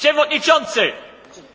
Przewodniczący!